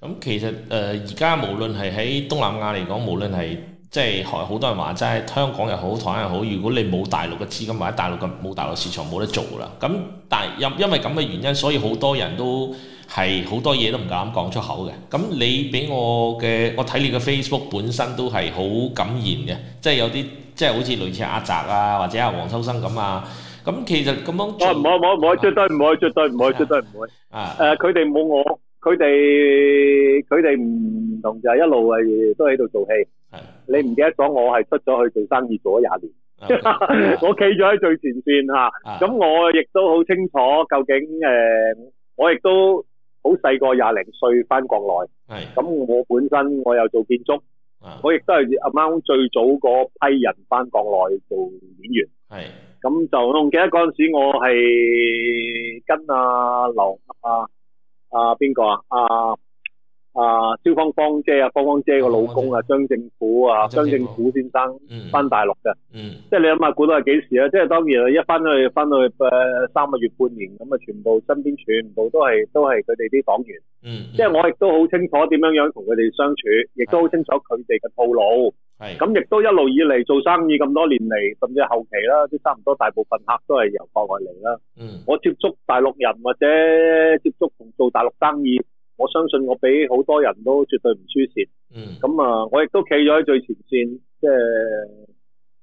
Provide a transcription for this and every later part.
咁 其實誒而家無論係喺東南亞嚟講，無論係即係好多人話齋，香港又好，台灣又好，如果你冇大陸嘅資金或者大陸嘅冇大陸市場冇得做啦。咁但係因因為咁嘅原因，所以好多人都係好多嘢都唔夠膽講出口嘅。咁你俾我嘅，我睇你嘅 Facebook 本身都係好敢言嘅，即係有啲即係好似類似阿澤啊，或者阿黃秋生咁啊。咁其實咁樣，我唔會，唔會，絕對唔會，絕對唔會，絕對唔會。啊，誒，佢哋冇我，佢哋佢哋唔同就係一路係都喺度做戲。係，你唔記得咗？我係出咗去做生意，做咗廿年。我企咗喺最前線嚇。咁我亦都好清楚究竟誒，我亦都好細個廿零歲返國內。係。咁我本身我又做建築。啊。我亦都係阿媽最早嗰批人返國內做演員。係。咁就我仲記得嗰陣時，我係跟阿劉阿阿邊個啊？阿阿消芳方姐啊，蕭芳芳姐，芳芳姐個老公啊，張政府啊，張政府，張政府先生翻、嗯、大陸嘅、嗯。嗯。即係你諗下，估到係幾時啊？即係當然啦，一翻去，翻去誒、呃、三個月半年咁啊，全部身邊全部都係都係佢哋啲黨員。嗯。嗯即係我亦都好清楚點樣樣同佢哋相處，亦都好清楚佢哋嘅套路。咁，亦都一路以嚟做生意咁多年嚟，甚至後期啦，啲差唔多大部分客都係由國外嚟啦。嗯，我接觸大陸人或者接觸同做大陸生意，我相信我比好多人都絕對唔輸蝕。嗯，咁啊，我亦都企咗喺最前線，即係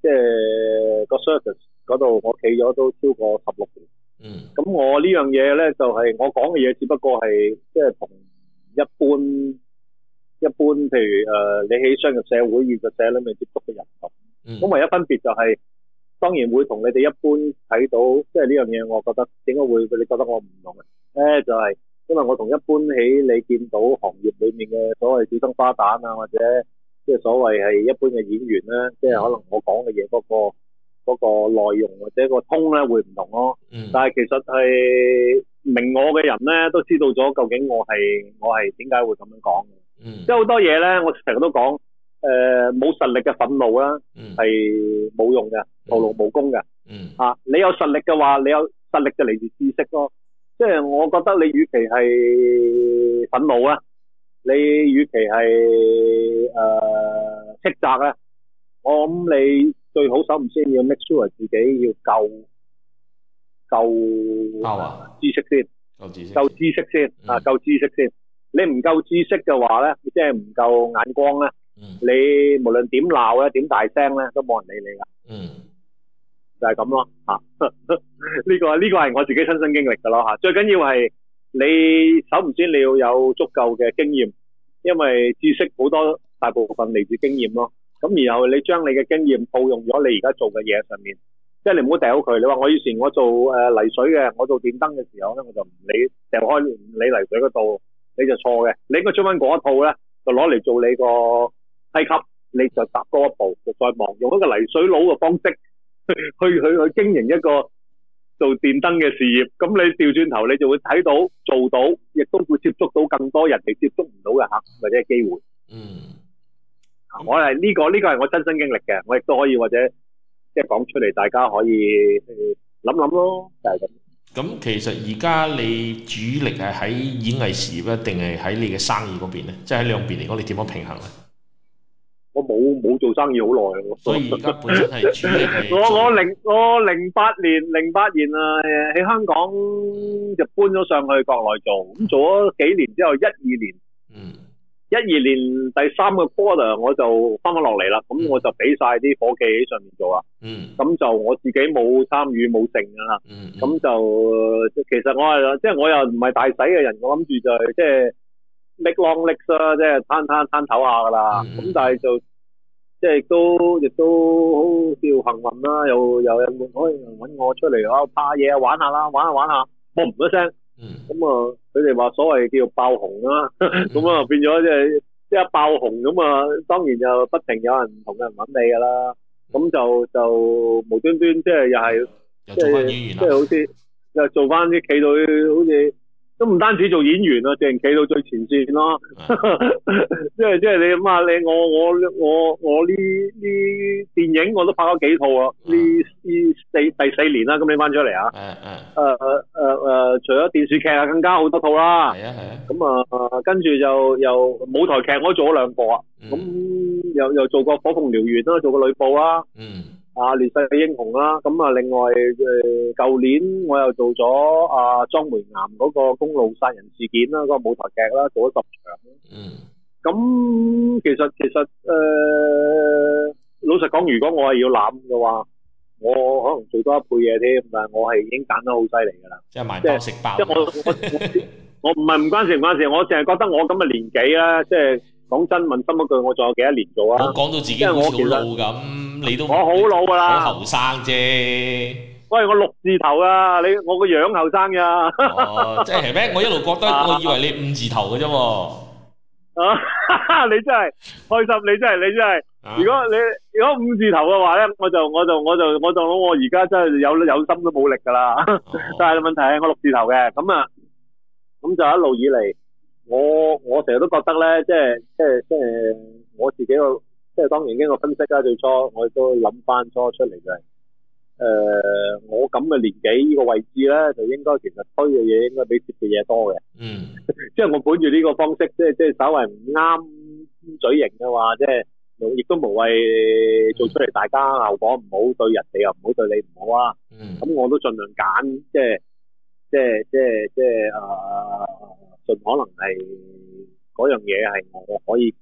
即係、個 service 嗰度，我企咗都超過十六年。嗯，咁我呢樣嘢咧，就係、是、我講嘅嘢，只不過係即係同一般。一般譬如誒、呃，你喺商業社會現實社會裏面接觸嘅人咁，咁、嗯、一分別就係、是，當然會同你哋一般睇到，即係呢樣嘢，我覺得點解會你覺得我唔同咧、哎？就係、是、因為我同一般喺你見到行業裏面嘅所謂小生花旦啊，或者即係所謂係一般嘅演員咧，即係可能我講嘅嘢嗰個嗰個內容或者個 tone 咧會唔同咯。嗯、但係其實係明我嘅人咧都知道咗究竟我係我係點解會咁樣講嗯，即係好多嘢咧，我成日都講，誒，冇實力嘅憤怒啦，係冇用嘅，徒勞無功嘅。嗯、吓、啊，你有實力嘅話，你有實力就嚟自知識咯。即係我覺得你與其係憤怒啊，你與其係誒斥責啊，我諗你最好首唔先要 make sure 自己要夠夠、啊啊、知識先，夠知識先，啊，夠知識先。啊你唔夠知識嘅話咧，即係唔夠眼光咧。你無論點鬧咧，點大聲咧，都冇人理你噶。嗯，就係咁咯吓。呢個呢個係我自己親身經歷噶咯吓。最緊要係你，首唔先你要有足夠嘅經驗，因為知識好多大部分嚟自經驗咯。咁然後你將你嘅經驗套用咗你而家做嘅嘢上面，即係你唔好掉佢。你話我以前我做誒泥水嘅，我做電燈嘅時候咧，我就唔理掉開，唔理泥水嗰度。你就錯嘅，你應該將翻嗰一套咧，就攞嚟做你個梯級，up, 你就踏多一步，就再望，用一個泥水佬嘅方式 去去去經營一個做電燈嘅事業。咁你調轉頭，你就會睇到做到，亦都會接觸到更多人哋接觸唔到嘅客或者機會。嗯，我係呢個呢個係我親身經歷嘅，我亦都可以或者即係講出嚟，大家可以諗諗、呃、咯，就係、是、咁。咁其實而家你主力係喺演藝事業啊，定係喺你嘅生意嗰邊咧？即係喺兩邊嚟講，你點樣平衡咧？我冇冇做生意好耐， 所以而家本身係主力係我我零我零八年零八年啊喺香港就搬咗上去國內做，咁做咗幾年之後，一二年。一二年第三個波 r 我就返咗落嚟啦，咁、mm hmm. 我就俾晒啲伙計喺上面做啊。嗯、mm。咁、hmm. 就我自己冇參與冇剩㗎啦。嗯、mm。咁、hmm. 就、呃、其實我係即係我又唔係大使嘅人，我諗住就係即係搦窿搦梭啦，即係攤攤攤頭下㗎啦。嗯、mm。咁、hmm. 但係就即係亦都亦都好叫幸運啦，又又有人可以揾我出嚟哦，怕嘢玩下啦，玩下玩下，唔一,一,一我聲。嗯、mm。咁啊～、mm 佢哋話所謂叫爆紅啦，咁 啊變咗、即係、即係一爆紅咁啊，當然就不停有人唔同人揾你噶啦，咁就就無端端即係又係即係即係好似又做翻啲企隊好似。都唔單止做演員啊，淨係企到最前線咯。即係即係你咁啊， 就是就是、你，想想你我我我我呢呢電影我都拍咗幾套啊。呢呢四第四年啦，咁你翻咗嚟啊？誒誒誒誒，除咗電視劇啊，更加好多套啦。係啊係啊。咁啊，啊嗯嗯、跟住就又，又舞台劇我都做咗兩部啊。咁、嗯、又又做過火鳳燎原啦，做過呂布啦。啊、嗯。啊，烈士嘅英雄啦，咁啊，另外誒，舊年我又做咗啊，莊梅岩嗰個公路殺人事件啦，嗰個舞台劇啦，做咗十場。嗯。咁其實其實誒，老實講，如果我係要攬嘅話，我可能做多一倍嘢添，但係我係已經揀得好犀利噶啦。即係埋單食包。即係我我我我唔係唔關事唔關事，我淨係覺得我咁嘅年紀啦，即係講真問心一句，我仲有幾多年做啊？我講到自己好似老咁。你都我好老噶啦，好後生啫。喂，我六字頭啊！你我個樣後生啊。即係咩？ 我一路覺得，啊、我以為你五字頭嘅啫喎。啊！ 你真係開心，你真係你真係。啊、如果你如果五字頭嘅話咧，我就我就我就我就我而家真係有有心都冇力噶啦。 但係問題係我六字頭嘅，咁啊，咁就一路以嚟，我我成日都覺得咧，即係即係即係我自己個。即係當然經過分析啦，最初我都諗翻咗出嚟就係、是呃、我咁嘅年紀呢、呢個位置咧，就應該其實推嘅嘢應該比接嘅嘢多嘅。嗯。 即係我本住呢個方式，即係即係稍微唔啱嘴型嘅話，即係亦都無謂做出嚟，大家效果唔好，對人哋又唔好，對你唔好啊。嗯。咁我都盡量揀，即係即係即係即係誒，盡、呃、可能係嗰樣嘢係我可以。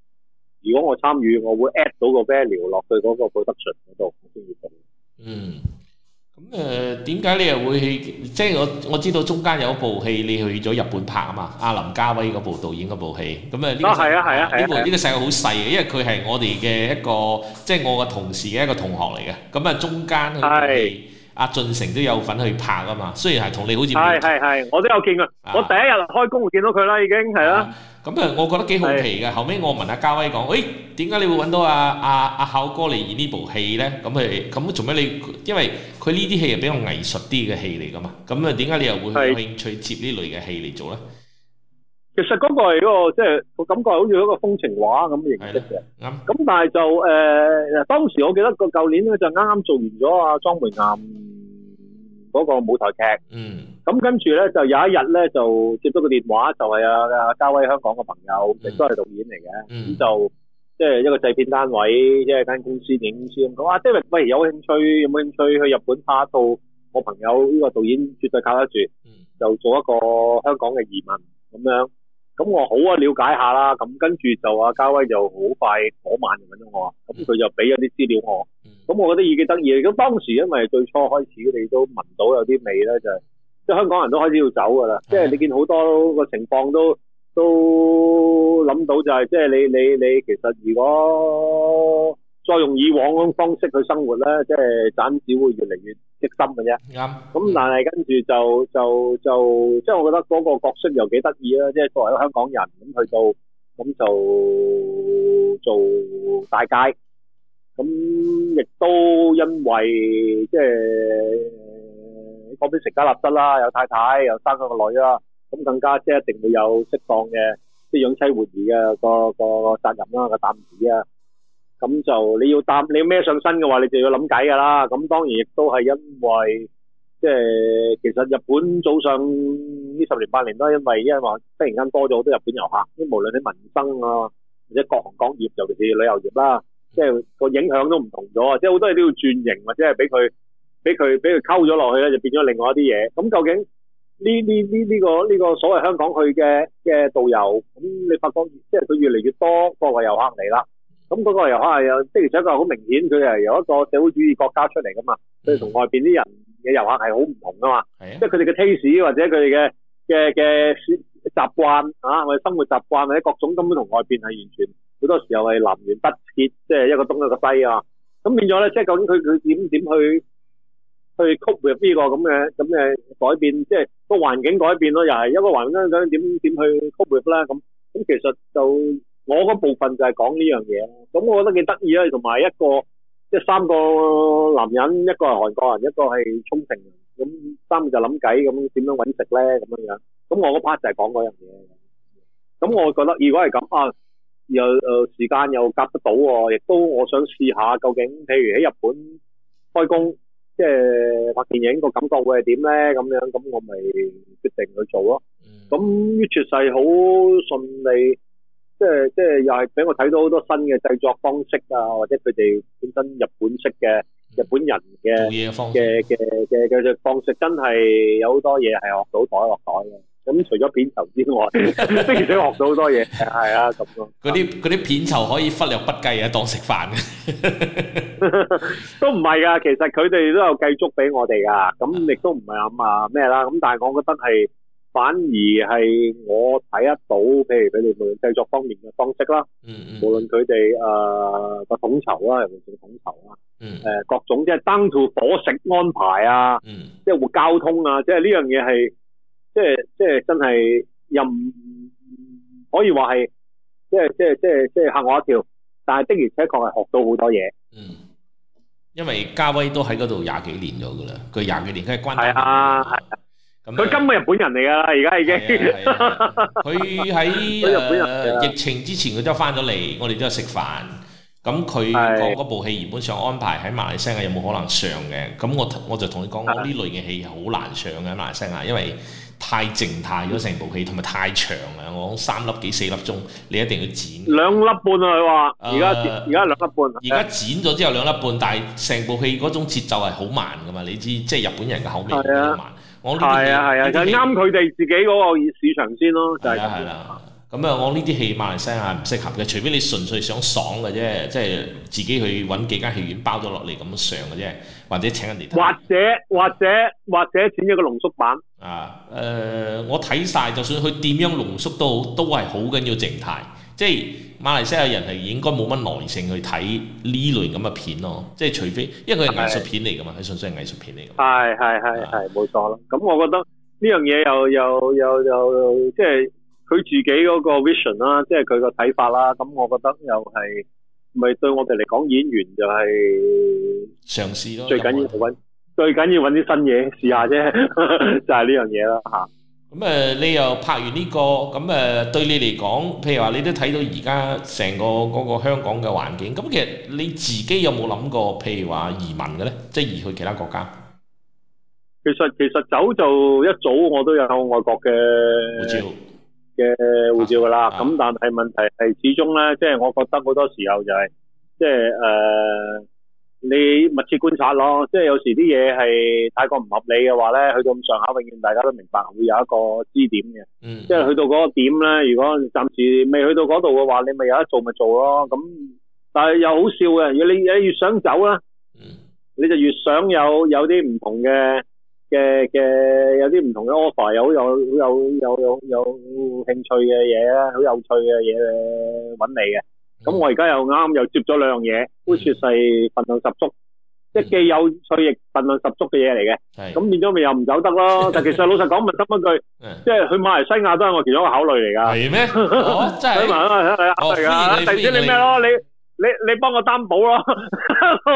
如果我參與，我會 at 到個 value 落去嗰個 product 嗰度先要做到。嗯，咁誒點解你又會去？即係我我知道中間有一部戲你去咗日本拍啊嘛，阿林家威嗰部導演嗰部戲。咁誒呢個係啊係啊，呢部，呢個世界好細嘅，因為佢係我哋嘅一個，即係我嘅同事嘅一個同學嚟嘅。咁誒中間係。阿俊成都有份去拍啊嘛，雖然係同你好似唔係，係我都有見過。啊、我第一日開工會見到佢啦，已經係啦。咁啊，我覺得幾好奇嘅。的後尾我問阿嘉威講，誒點解你會揾到阿阿阿孝哥嚟演呢部戲咧？咁佢，咁做咩？你因為佢呢啲戲係比較藝術啲嘅戲嚟噶嘛？咁啊，點解你又會興趣接的呢類嘅戲嚟做咧？其實嗰個係嗰、那個即係，我、就是、感覺好似一個風情畫咁形式嘅。咁但係就誒、呃，當時我記得個舊年咧就啱啱做完咗啊，莊梅岩。嗰個舞台劇，咁、嗯、跟住咧就有一日咧就接咗個電話，就係、是、啊啊家威香港嘅朋友亦都係導演嚟嘅，咁、嗯、就即係、就是、一個製片單位，即係間公司影視咁講啊，即係喂有興趣有冇興趣去日本拍一套？我朋友呢個導演絕對靠得住，嗯、就做一個香港嘅移民咁樣。咁我好啊，了解下啦。咁跟住就阿嘉威就好快嗰晚揾咗我，咁佢就俾咗啲資料我。咁我，我覺得已經得意。咁當時因為最初開始，你都聞到有啲味咧，就係即係香港人都開始要走㗎啦。即、就、係、是、你見好多個情況都都諗到、就是，就係即係你你你其實如果再用以往嗰種方式去生活咧，即係賺錢會越嚟越～即心嘅啫，啱。咁但係跟住就就就，即係我覺得嗰個角色又幾得意啊，即係作為一個香港人咁去到，咁就做大計。咁亦都因為即係嗰邊成家立室啦，有太太，又生咗個女啦，咁更加即係一定會有適當嘅即係養妻活兒嘅個個責任啦，個擔子啊！咁就你要搭你要孭上身嘅話，你就要諗計噶啦。咁當然亦都係因為即係其實日本早上呢十年八年都係因為因為話忽然間多咗好多日本遊客，啲無論你民生啊或者各行各業，尤其是旅遊業啦，即係個影響都唔同咗啊！即係好多嘢，都要轉型或者係俾佢俾佢俾佢溝咗落去咧，就變咗另外一啲嘢。咁究竟呢呢呢呢個呢、這個、這個這個、所謂香港去嘅嘅導遊咁，你發覺即係佢越嚟越多國外遊客嚟啦。咁嗰個又可能有，即係而且佢好明顯，佢係由一個社會主義國家出嚟噶嘛，佢同外邊啲人嘅遊客係好唔同噶嘛，mm hmm. 即係佢哋嘅 taste 或者佢哋嘅嘅嘅習慣啊，或者生活習慣或者各種，根本同外邊係完全，好多時候係南轅北轍，即係一個東一個西啊。咁變咗咧，即係究竟佢佢點點去去 culprit 呢個咁嘅咁嘅改變，即係個環境改變咯，又係一個環境點點去 culprit 咧咁，咁其實就。我嗰部分就係講呢樣嘢，咁我覺得幾得意啊，同埋一個即係三個男人，一個係韓國人，一個係沖繩人，咁、嗯、三個就諗計咁點樣搵食咧咁樣樣。咁、嗯、我嗰 part 就係講嗰樣嘢。咁、嗯、我覺得如果係咁啊，時間又誒時間又夾得到喎，亦都我想試下究竟，譬如喺日本開工即係拍電影個感覺會係點咧咁樣，咁、嗯、我咪決定去做咯。咁於絕世好順利。即係即係又係俾我睇到好多新嘅製作方式啊，或者佢哋本身日本式嘅日本人嘅嘅嘅嘅嘅嘅方式真係有好多嘢係學到袋落袋嘅。咁、嗯、除咗片酬之外，的而且確學到好多嘢。係 啊，咁咯。嗰啲啲片酬可以忽略不計啊，當食飯嘅。都唔係啊。其實佢哋都有計足俾我哋㗎。咁亦都唔係咁啊咩啦。咁但係我覺得係。反而係我睇得到，譬如佢哋無論製作方面嘅方式啦，無論佢哋誒個統籌啦，人哋嘅統籌啊，誒各種即係燈號伙食安排啊、嗯，即係會交通啊，即係呢樣嘢係即係即係真係又唔可以話係即係即係即係即係嚇我一跳，但係的而且確係學到好多嘢。嗯，因為嘉威都喺嗰度廿幾年咗㗎啦，佢廿幾年梗係關係。佢、嗯、根本係日本人嚟噶，而家已經 。佢喺、 啊、疫情之前，佢都翻咗嚟，我哋都有食飯。咁佢講部戲原本想安排喺馬來西亞，有冇可能上嘅？咁我我就同佢講，我呢類嘅戲好難上嘅馬來西亞，因為。太靜態咗成部戲，同埋太長啊！我講三粒幾四粒鐘，你一定要剪兩粒半啊！佢話而家而家兩粒半，而家剪咗之後兩粒半，但係成部戲嗰種節奏係好慢噶嘛？你知即係日本人嘅口味好慢。我呢，係啊係啊，就啱佢哋自己嗰個市場先咯。就係啦係啦，咁啊，我呢啲戲，馬來西亞唔適合嘅，除非你純粹想爽嘅啫，即係自己去揾幾間戲院包咗落嚟咁上嘅啫，或者請人哋睇，或者或者或者剪咗個濃縮版。啊，誒、呃，我睇晒就算佢點樣濃縮都好，都係好緊要靜態。即係馬來西亞人係應該冇乜耐性去睇呢類咁嘅片咯。即係除非，因為佢係藝術片嚟噶嘛，佢純粹係藝術片嚟噶。係係係係，冇錯咯。咁我覺得呢樣嘢又又又又即係佢自己嗰個 vision 啦，即係佢個睇法啦。咁我覺得又係，咪對我哋嚟講，演員就係嘗試咯。最緊要最緊要搵啲新嘢試下啫， 就係呢樣嘢啦吓。咁誒、嗯，你又拍完呢、這個，咁、嗯、誒，對你嚟講，譬如話你都睇到而家成個嗰個香港嘅環境，咁其實你自己有冇諗過，譬如話移民嘅咧，即係移去其他國家？其實其實走就一早我都有外國嘅護照嘅護照噶啦，咁但係問題係始終咧，即、就、係、是、我覺得好多時候就係即係誒。就是呃你密切觀察咯，即係有時啲嘢係太過唔合理嘅話咧，去到咁上下，永遠大家都明白會有一個支點嘅。嗯、mm。Hmm. 即係去到嗰個點咧，如果暫時未去到嗰度嘅話，你咪有得做咪做咯。咁，但係又好笑嘅，如果你越越想走啦。嗯、mm。Hmm. 你就越想有有啲唔同嘅嘅嘅，有啲唔同嘅 offer，又好有好、er, 有有有有，有，有，有，有興趣嘅嘢啊，好有趣嘅嘢搵你嘅。咁我而家又啱，又接咗兩樣嘢，都絕世份量十足，即係既有趣亦份量十足嘅嘢嚟嘅。係咁變咗咪又唔走得咯？但係其實老實講，問多一句，即係去馬來西亞都係我其中一個考慮嚟噶。係咩？真係啊！第啲你咩咯？你你你幫我擔保咯，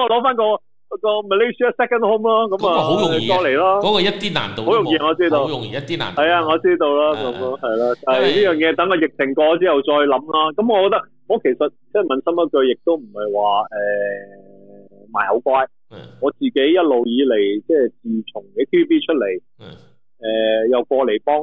攞翻個個 Malaysia second home 咯。咁啊，好容易過嚟咯。嗰個一啲難度好容易，我知道。好容易一啲難度。係啊，我知道啦。咁咯，係咯。呢樣嘢等個疫情過咗之後再諗咯。咁我覺得。我其實即係問心一句，亦都唔係話誒賣好乖。嗯、我自己一路以嚟，即係自從喺 TVB 出嚟，誒、嗯呃、又過嚟幫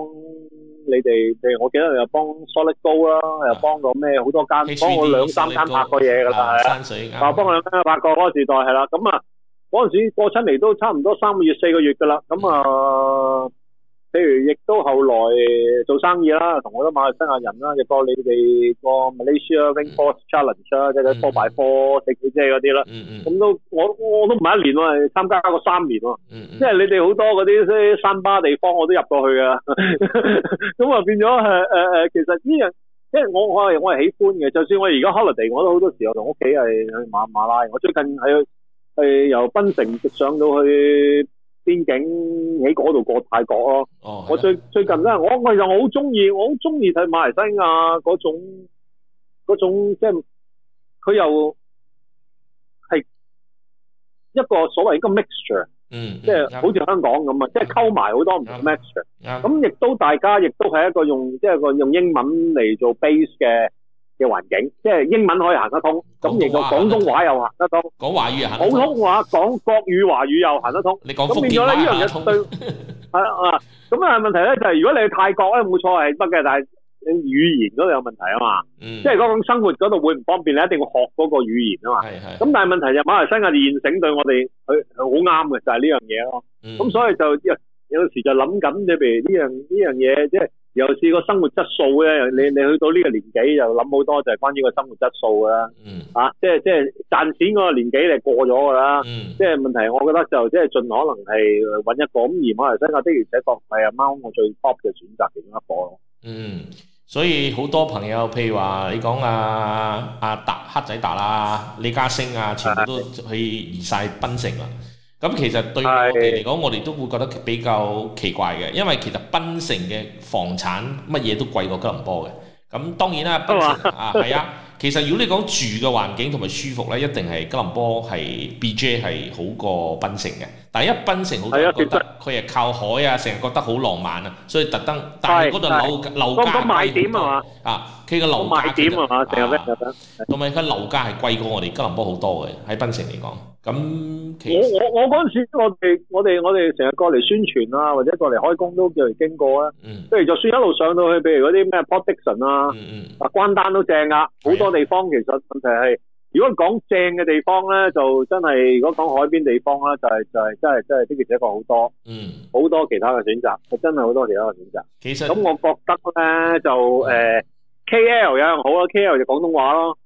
你哋，譬如我記得又幫 Solid Gold 啦、嗯，又幫過咩好多間，幫我兩三間拍過嘢㗎啦。山水啊，幫我兩間拍過《時代》係啦。咁、嗯、啊，嗰陣時過出嚟都差唔多三個月四個月㗎啦。咁、嗯、啊～、嗯譬如，亦都後來做生意啦，同我多馬來西亞人啦，亦都你哋個 Malaysia Rainforest Challenge 啊，即係嗰拖擺拖，你幾嗰啲啦，咁都我我都唔係一年我喎，參加過三年喎，即係、嗯嗯、你哋好多嗰啲啲山巴地方我都入過去噶，咁 啊、嗯嗯、變咗誒誒誒，其實呢樣，因為我我係我係喜歡嘅，就算我而家 holiday 我都好多時候同屋企係去馬馬拉，我最近係係由檳城直上到去。邊境喺嗰度過泰國咯，我最最近真係我，又好中意，我好中意睇馬來西亞嗰種種，種即係佢又係一個所謂一個 mixture，嗯，即係好似香港咁啊，嗯、即係溝埋好多唔同嘅 mixture，咁亦都、嗯嗯、大家亦都係一個用即係個用英文嚟做 base 嘅。嘅環境，即係英文可以行得通，咁然後廣東話又行得通，講華語又行通，普通話講國語華語又行得通。你講福建話又通。係啦、 啊，咁啊、那個、問題咧就係如果你去泰國咧冇錯係得嘅，但係語言嗰度有問題啊嘛。嗯、即係嗰種生活嗰度會唔方便你一定要學嗰個語言啊嘛。係係。咁但係問題就馬來西亞現成對我哋佢好啱嘅，就係呢樣嘢咯。咁、嗯、所以就有有時就諗緊你譬如呢樣呢樣嘢，即係。尤其是個生活質素咧，你你去到呢個年紀又諗好多，就係關於個生活質素噶啦。嗯。啊，即係即係賺錢個年紀你過咗噶啦。嗯。即係問題，我覺得就即係盡可能係搵一個咁，而馬來西亞的，而且確係阿貓我最 top 嘅選擇其中一個。咯嗯。所以好多朋友，譬如話你講阿阿達黑仔達啊、李嘉升啊，全部都去移晒檳城啦。咁其實對我哋嚟講，我哋都會覺得比較奇怪嘅，因為其實檳城嘅房產乜嘢都貴過吉隆坡嘅。咁當然啦，檳城啊係啊，其實如果你講住嘅環境同埋舒服咧，一定係吉隆坡係 B J 係好過檳城嘅。但係一檳城好，覺得佢係靠海啊，成日覺得好浪漫啊，所以特登。但係。嗰度樓價賣點係嘛？啊，佢個樓價係嘛？仲有咩？同埋佢樓價係貴過我哋吉隆坡好多嘅，喺檳城嚟講。咁我我我嗰陣時，我哋我哋我哋成日過嚟宣傳啊，或者過嚟開工都叫嚟經過啊。嗯，譬如就算一路上到去，譬如嗰啲咩 production 啊，啊、嗯嗯、關丹都正啊。好多地方其實問題係，如果講正嘅地方咧，嗯，就真係如果講海邊地方咧，就係就係真係真係呢個只不過好多，嗯，好多其他嘅選擇，係真係好多其他嘅選擇。其實咁我覺得咧就誒。呃 K L 有樣好啊，K L 就廣東話咯，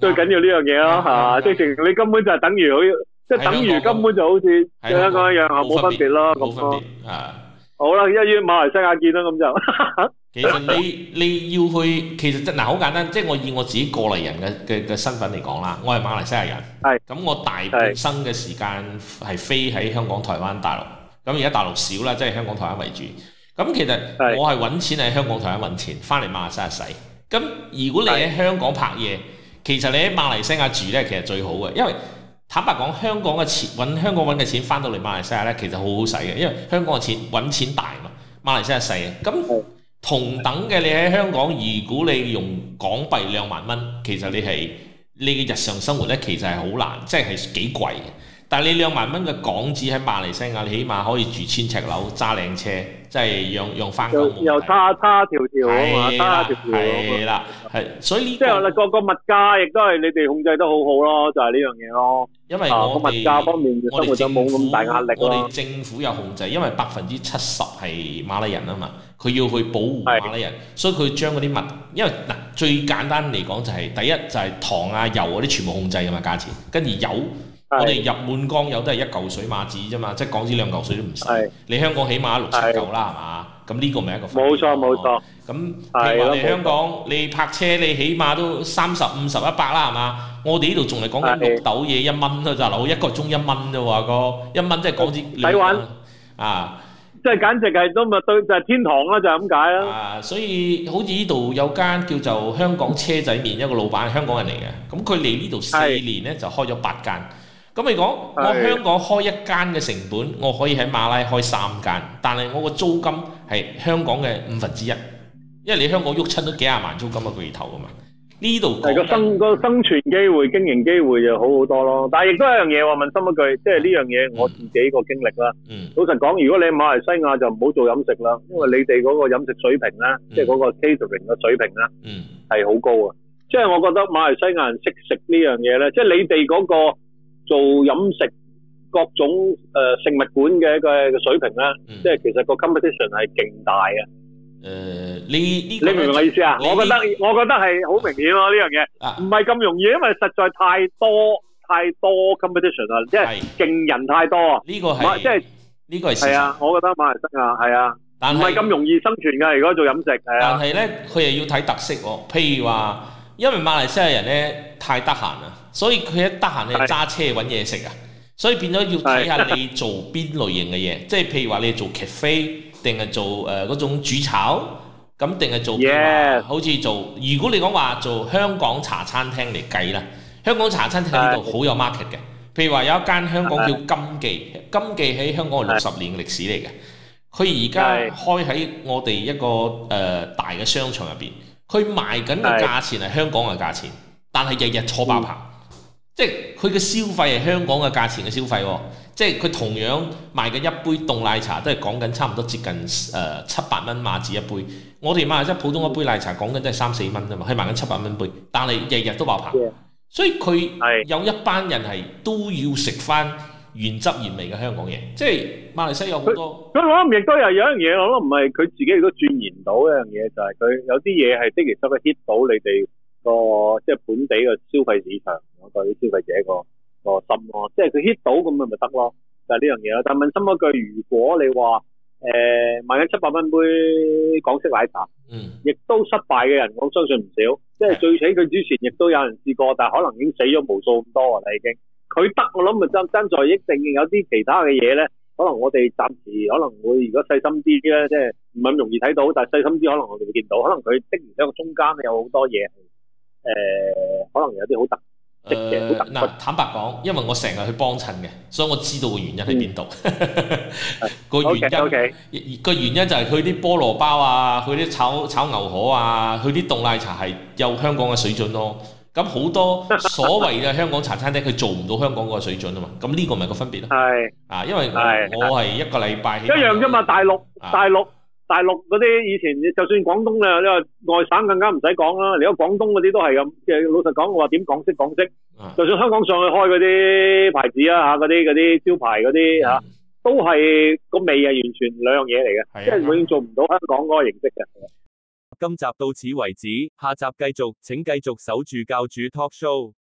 最緊要呢樣嘢咯，係即係你根本就係等於好似，即係等於根本就好似香港一樣，冇分別咯，冇分別啊！好啦，一於馬來西亞見啦，咁就其實你你要去，其實嗱好簡單，即係我以我自己過嚟人嘅嘅嘅身份嚟講啦，我係馬來西亞人，係咁我大半生嘅時間係飛喺香港、台灣、大陸，咁而家大陸少啦，即係香港、台灣為主，咁其實我係揾錢喺香港、台灣揾錢，翻嚟馬來西亞使。咁如果你喺香港拍嘢，其實你喺馬來西亞住咧，其實最好嘅，因為坦白講，香港嘅錢揾香港揾嘅錢翻到嚟馬來西亞咧，其實好好使嘅，因為香港嘅錢揾錢大嘛，馬來西亞細嘅，咁同等嘅你喺香港，如果你用港幣兩萬蚊，其實你係你嘅日常生活咧，其實係好難，即係幾貴。但你兩萬蚊嘅港紙喺馬來西亞，你起碼可以住千尺樓、揸靚車，即係用用翻九五嘅。又又叉叉條條啦，係的。所以呢、呢個，即係我哋個個物價亦都係你哋控制得好好咯，就係呢樣嘢咯。因為個物價方面，我哋冇咁大壓力。政我哋政府有控制，因為百分之七十係馬來人啊嘛，佢要去保護馬來人，的所以佢將嗰啲物，因為嗱最簡單嚟講就係、係、第一就係糖啊油嗰啲全部控制㗎嘛價錢，跟住油。我哋入滿江油都係一嚿水馬子啫嘛，即係港紙兩嚿水都唔使。你香港起碼六七嚿啦，係嘛？咁呢個咪一個？冇錯冇錯。咁你話嚟香港，你泊車你起碼都三十五十一百啦，係嘛？我哋呢度仲係講緊六豆嘢一蚊㗎，就嗱我一個鐘一蚊啫，話個一蚊，即係港紙兩蚊。啊！即係簡直係都咪對，就係天堂啦，就係咁解啦。啊，所以好似呢度有間叫做香港車仔麵，一個老闆香港人嚟嘅。咁佢嚟呢度四年咧，就開咗八間。咁你講我香港開一間嘅成本，我可以喺馬拉開三間，但係我個租金係香港嘅五分之一，因為你香港喐親都幾廿萬租金啊，一個月頭㗎嘛，呢度個生個生存機會、經營機會就好好多咯。但係亦都一樣嘢，我問心一句，即係呢樣嘢我自己個經歷啦。嗯、老實講，如果你馬來西亞就唔好做飲食啦，因為你哋嗰個飲食水平咧，即係嗰個 catering 嘅水平咧，係好高啊。即係我覺得馬來西亞人識食呢樣嘢咧，即係你哋嗰個。做飲食各種誒食物館嘅嘅水平咧，即係其實個 competition 係勁大嘅。誒，你你你明唔明我意思啊？我覺得我覺得係好明顯咯，呢樣嘢唔係咁容易，因為實在太多太多 competition 啊，即係勁人太多啊。呢個係唔係即係呢個係事實？係啊，我覺得馬來西亞係啊，但唔係咁容易生存㗎。如果做飲食，係啊，但係咧佢又要睇特色喎。譬如話，因為馬來西亞人咧太得閒啦。所以佢一得閒咧揸車揾嘢食啊！是的 所以變咗要睇下你做邊類型嘅嘢，即係譬如話你做咖啡，定係做誒嗰種煮炒，咁定係做譬好似做，如果你講話做香港茶餐廳嚟計啦，香港茶餐廳呢度好有 market 嘅。譬如話有一間香港叫金記，Yeah. 金記喺香港係六十年嘅歷史嚟嘅。佢而家開喺我哋一個誒、呃、大嘅商場入邊，佢賣緊嘅價錢係香港嘅價錢，Yeah. 但係日日坐爆棚。即係佢嘅消費係香港嘅價錢嘅消費，哦，即係佢同樣賣緊一杯凍奶茶都係講緊差唔多接近誒、呃、七百蚊馬紙一杯，我哋馬來西普通一杯奶茶講緊都係三四蚊啫嘛，佢賣緊七百蚊一杯，但係日日都爆棚，Yeah. 所以佢有一班人係都要食翻原汁原味嘅香港嘢，即係馬來西亞有好多。咁我亦都係有樣嘢，我都唔係佢自己亦都鑽研到一樣嘢，就係、是、佢有啲嘢係的而且確 hit 到你哋。個即係本地嘅消費市場，我對啲消費者個個心咯，即係佢 hit 到咁咪咪得咯。就係呢樣嘢咯。但問心一句，如果你話誒賣緊七百蚊杯港式奶茶，嗯，亦都失敗嘅人，我相信唔少。即係最起佢之前亦都有人試過，但係可能已經死咗無數咁多啦。已經佢得，我諗真真在一定有啲其他嘅嘢咧。可能我哋暫時可能會如果細心啲咧，即係唔係咁容易睇到，但係細心啲可能我哋會見到，可能佢的然喺個中間有好多嘢。誒，可能有啲好突，誒，嗱，坦白講，因為我成日去幫襯嘅，所以我知道個原因喺邊度。個、嗯、 原因個 Okay, okay. 原因就係佢啲菠蘿包啊，佢啲炒炒牛河啊，佢啲凍奶茶係有香港嘅水準咯、啊。咁好多所謂嘅香港茶餐廳，佢做唔到香港嗰個水準啊嘛。咁呢個咪個分別咯。係啊， 因為我係一個禮拜起碼。一樣啫嘛，大陸，大陸。啊大陸嗰啲以前，就算廣東啊，你話外省更加唔使講啦。嚟咗廣東嗰啲都係咁，即係老實講，我話點港式港式，就算香港上去開嗰啲牌子啊嚇，嗰啲嗰啲招牌嗰啲嚇，嗯、都係個味係完全兩樣嘢嚟嘅，嗯、即係永遠做唔到香港嗰個形式嘅。嗯、今集到此為止，下集繼續。請繼續守住教主 Talk Show。